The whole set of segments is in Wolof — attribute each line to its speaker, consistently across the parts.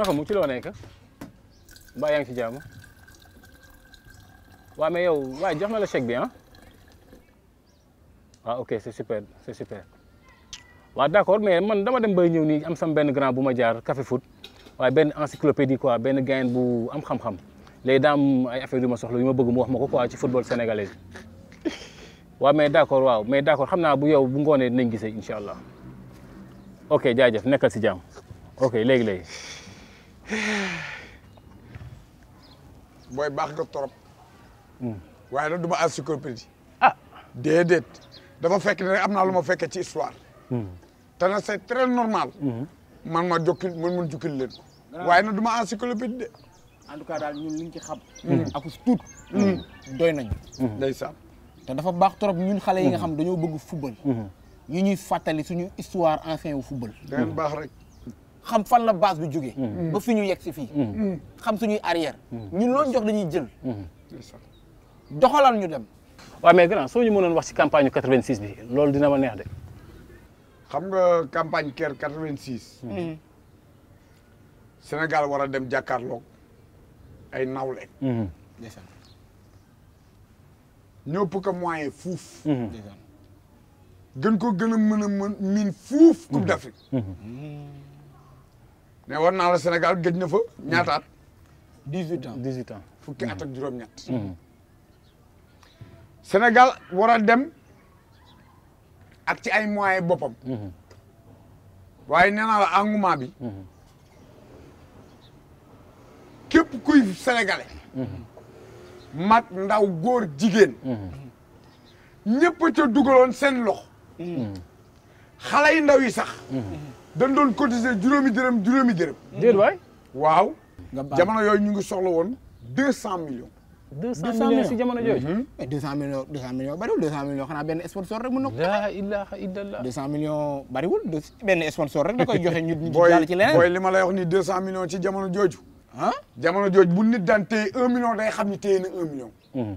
Speaker 1: naka mu ci loo nekk mbaa yaa ngi ci waa waaw mais yow waaye jox na la chèque bi ah waaw ah, ok c'est super c'est super waaw man dama dem bay ñëw nii am sam benn grand bu ma jaar café foot waaye benn encyclopédie quoi benn gayen bu am xam-xam léegi daam ay affaire yu ma soxla yu ma bëgg mu wax ma ko quoi ci football sénégalais bi waaw mais d'accord waaw mais d'accord xam naa bu yow bu ngoonee dinañ gisee incha allah ok jaajëf nekkal si jàmm ok léegi-léegi
Speaker 2: booy baax nga trop. Hmm. waaye nag du ma encyclopédie. ah déedéet. dafa fekk ne am naa lu ma fekkee ci histoire. Hmm. te nag c'est très normal. Hmm. man ma jokkil man mun jukkil leen waaye nag du ma encyclopédie de. en tout cas daal ñun liñ ci xam. ak su tuut. doy nañu. saam te dafa baax trop ñun xale yi nga xam dañoo bëgg football. ñu ñuy fàttali suñu histoire ancien wu football. da baax rek. xam fan la base bi joggé hmm. ba fiñu ñu yegg si fii hmm. Hmm. xam suñuy arrière ñun loolu jox dañuy jël doxalal ñu dem
Speaker 1: wa mais grand soñu mënon wax ci campagne 86 bi lool
Speaker 2: dina ma neex de xam nga campagne ker 86 Sénégal wara dem jakarlo ay nawle pou ko moyen fouf gën ko gëna mëna min fouf Coupe d'Afrique mais war naa la senegal gëj na fa ñaata at. dix huit ans dix huit ans. fukki at juróom-ñett. Mm-hmm. Mm-hmm. Sénégal war dem ak ci ay moyens boppam. Mm-hmm. waaye nee naa la engouement bi. képp kuy sénégalais. mag ndaw góor jigéen. ñëpp a ca dugaloon seen loxo. xale yu ndaw yi sax. dañ doon cotiser juróomi dërëm juróomi dërëm. déet waay. waaw. jamono yooyu ñu ngi soxla woon deux cent millions. deux cent millions si jamono jooju. Mhm. mais deux cent millions deux benn sponsor rek mun na ko. laa ilaaha illallah. deux cent millions bariwul benn sponsor rek da koy joxe ñu. ñu jàll ci leneen booy li ma lay wax ni deux cent millions ci jamono jooju. ah jamono jooju bu nit daan téye un million day xam ni téye na un million. Mhm.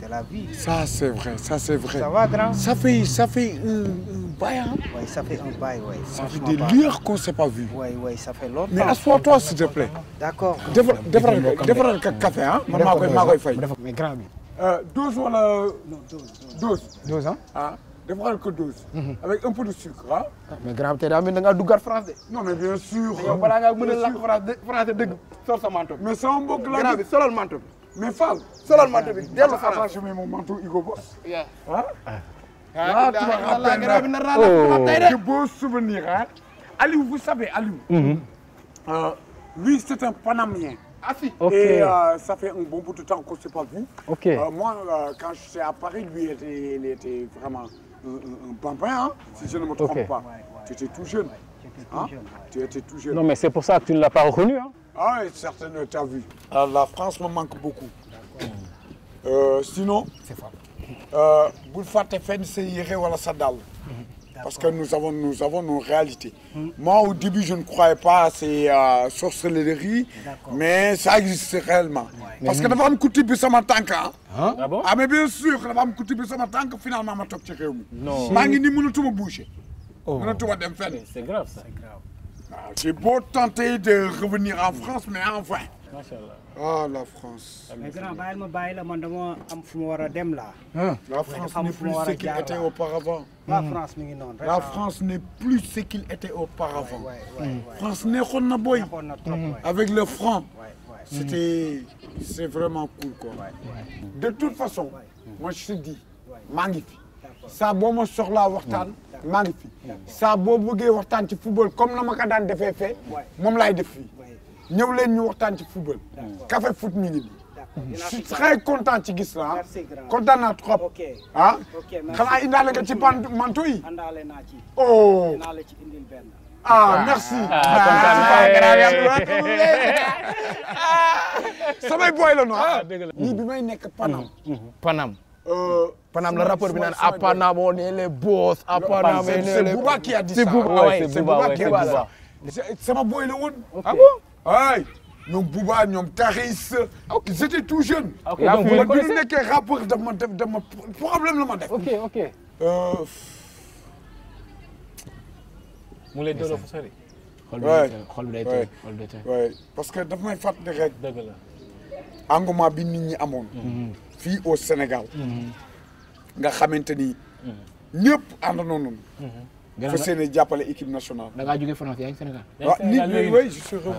Speaker 2: C'est la vie. Ça, c'est vrai, ça, c'est vrai. Ça va, grand Ça fait, ça fait un, un bail, hein Oui, ça fait un bail, oui. Ça fait des lieux qu'on ne s'est pas vu. Oui, oui, ça fait longtemps. Mais assois-toi, s'il te plaît. D'accord. Devant le café, hein Mais grand, oui. 12 wala. Non, 12. 12. 12, hein ah. dafa que 12. Mhm. avec un peu de sucre Hein? mais grand tey daa mel da ngaa duggaat France de. non mais bien sûr. yow de France dëgg. manteau mais sama mbokk laa. grand bi solal manteau min faal salalmade ɓe delo Je mets mon manteau igo Boss. Boss. souvenir hein aliou vous savez aliou mm euh, lui c'est un panamien ah si. Et euh, ça fait un bon bout de temps qu'on ne s'est pas vu. Euh, moi, euh, quand je suis à Paris, lui, il était, vraiment un, un bambin, hein, si je ne me trompe pas. Tu étais tout jeune. Hein? Tu étais tout jeune. Non, mais c'est
Speaker 1: pour ça que tu ne l'as pas reconnu. Hein?
Speaker 2: Ah, et certaines, tu as ah, vu. la France me manque beaucoup. Euh, sinon, FN, c'est Yéré ou Sadal. Parce que nous avons, nous avons nos réalités. Moi, au début, je ne croyais pas à ces euh, sorcelleries, mais ça existe réellement. Parce que un plus de ma tank. Hein? Ah, mais bien sûr, coup de ma tank, finalement, je suis Non. Je suis bouché. C'est grave, ça. C'est grave. Ah, j'ai beau tenter de revenir en France, mais enfin. ah la France. Ah. la France n'est plus ce la hmm. France n'est plus ce qu'il était auparavant. la hmm. France n'est plus ce qu'il était auparavant. France avec le franc. c'était c'est vraiment cool quoi. de toute façon. moi je te dis. magnifique. Ça fi. me sortir là, Magnifique. Ça football comme la l'ai de daan je def nous football. café foot mini. je suis très content de gis la ah. Content naa trop. ah nga ci oh.
Speaker 1: ah merci. Ah, ah,
Speaker 2: samay la noir bi may Panam. Mm-hmm. Panam. Euh, Panam, le rappeur, les C'est Bouba qui a dit ça. Ah c'est Bouba qui a dit ça. C'est ma boy, le Wood. Ah bon Ouais. Nous Bouba ñoom Taris. ok tout jeune. ok donc un rapport C'est problème la ma ok ok. Euh... bi day parce que daf may fàttali rek. la fii au Sénégal. Mm-hmm. nga xamante ni. Mm-hmm. ñëpp ànd noonu. gannaaw mm-hmm. fa équipe nationale. da ngaa jógee France Sénégal. Ah,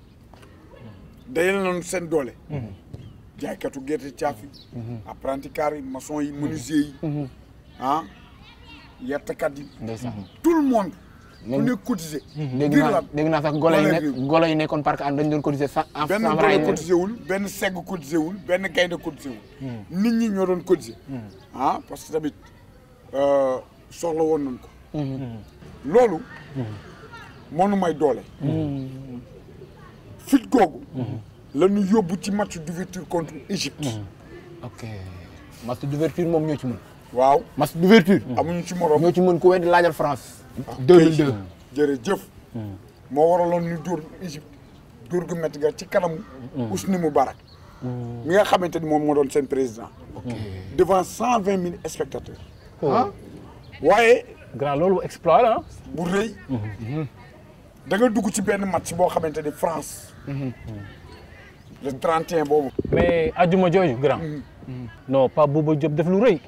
Speaker 2: dajale nañu seen doole. Mhm. jaaykatu gerte caaf yi. Mhm. apprenti car yi maçon yi mhm. menuisier yi. ah yettakat yi. tout le monde. ku ne cotisé. dégg naa dégg naa sax golo yi nekk golo yi nekkoon parc am dañ doon cotisé cent franc benn golo cotisé wul benn segg cotisé wul benn gaynde cotisé wul. nit ñi ñoo doon cotisé. ah parce que tamit euh, soxla woon nañ ko. loolu. moo nu may doole. fit Gogo, la ñu ci match d'ouverture contre Égypte. Mm-hmm. ok match d'ouverture mom ñoo ci mën. waaw match d'ouverture. Mm-hmm. amuñu ci morom France. 2002 ah, mm-hmm. jërëjëf. mo ñu Égypte Je gu ci Moubarak. mi nga xamanteni mom président. devant 120 000 spectateurs. ah grand exploit hein da nga dugg ci match comme xamante de France.
Speaker 1: le
Speaker 2: 31 boobu. mais ajuma jooju grand. Mm-hmm. Mm-hmm. non pas Bobo Diop de lu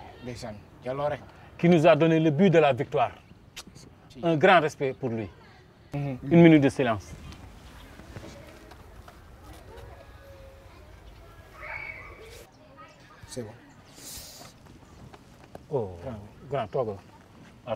Speaker 1: qui nous a donné le but de la victoire. un grand respect pour lui. Mm-hmm. une minute de silence. c'est bon. oh grand toggle, ah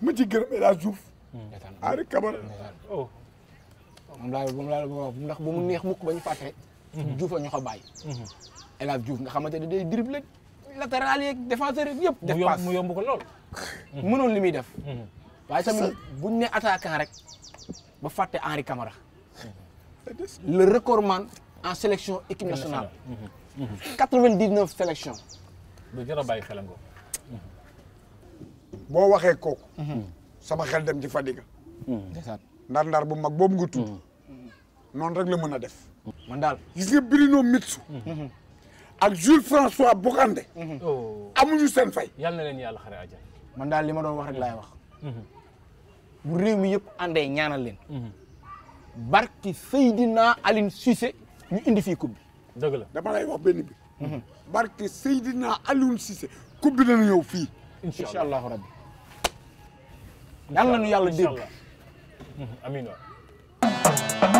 Speaker 2: ma ci gërëm El Hadj Diouf. Henri Camara. Oh. moom laa moom ndax mu neex mukk ba ñu fàtte. Mhm. Diouf la ñu ko bàyyi. Mhm. El Hadj Diouf nga xamante ne day dribble latéral yeeg yëpp. def passe mu yomb ko lool. Mhm. mënoon li muy def. waaye tamit bu ñu nee attaquant ba fàtte Henri Camara. le recordman en selection équipe nationale. 99 sélections.
Speaker 1: lu jar a bàyyi xelam
Speaker 2: boo waxee kooku. Mhm. sama xel dem ci Fadiga. Mhm. ndar-ndar bu mag boobu nga tudd. Mhm. noonu rek la mën a def. ma daal gis nga Bruno Metsu. ak Jules François Bocandé. Oh. amuñu seen fay. yàlla na leen yàlla xare àjjana. man daal li ma doon wax rek laay wax. bu réew mi yëpp àndee ñaanal leen. barki Seydina Aline Cissé ñu indi fii coupe bi. dëgg la dama lay wax benn bi. barki Seydina Aline Cissé coupe bi dana ñëw fii. incha allahu rabbi yàlla na nu yàlla dégg
Speaker 1: amiin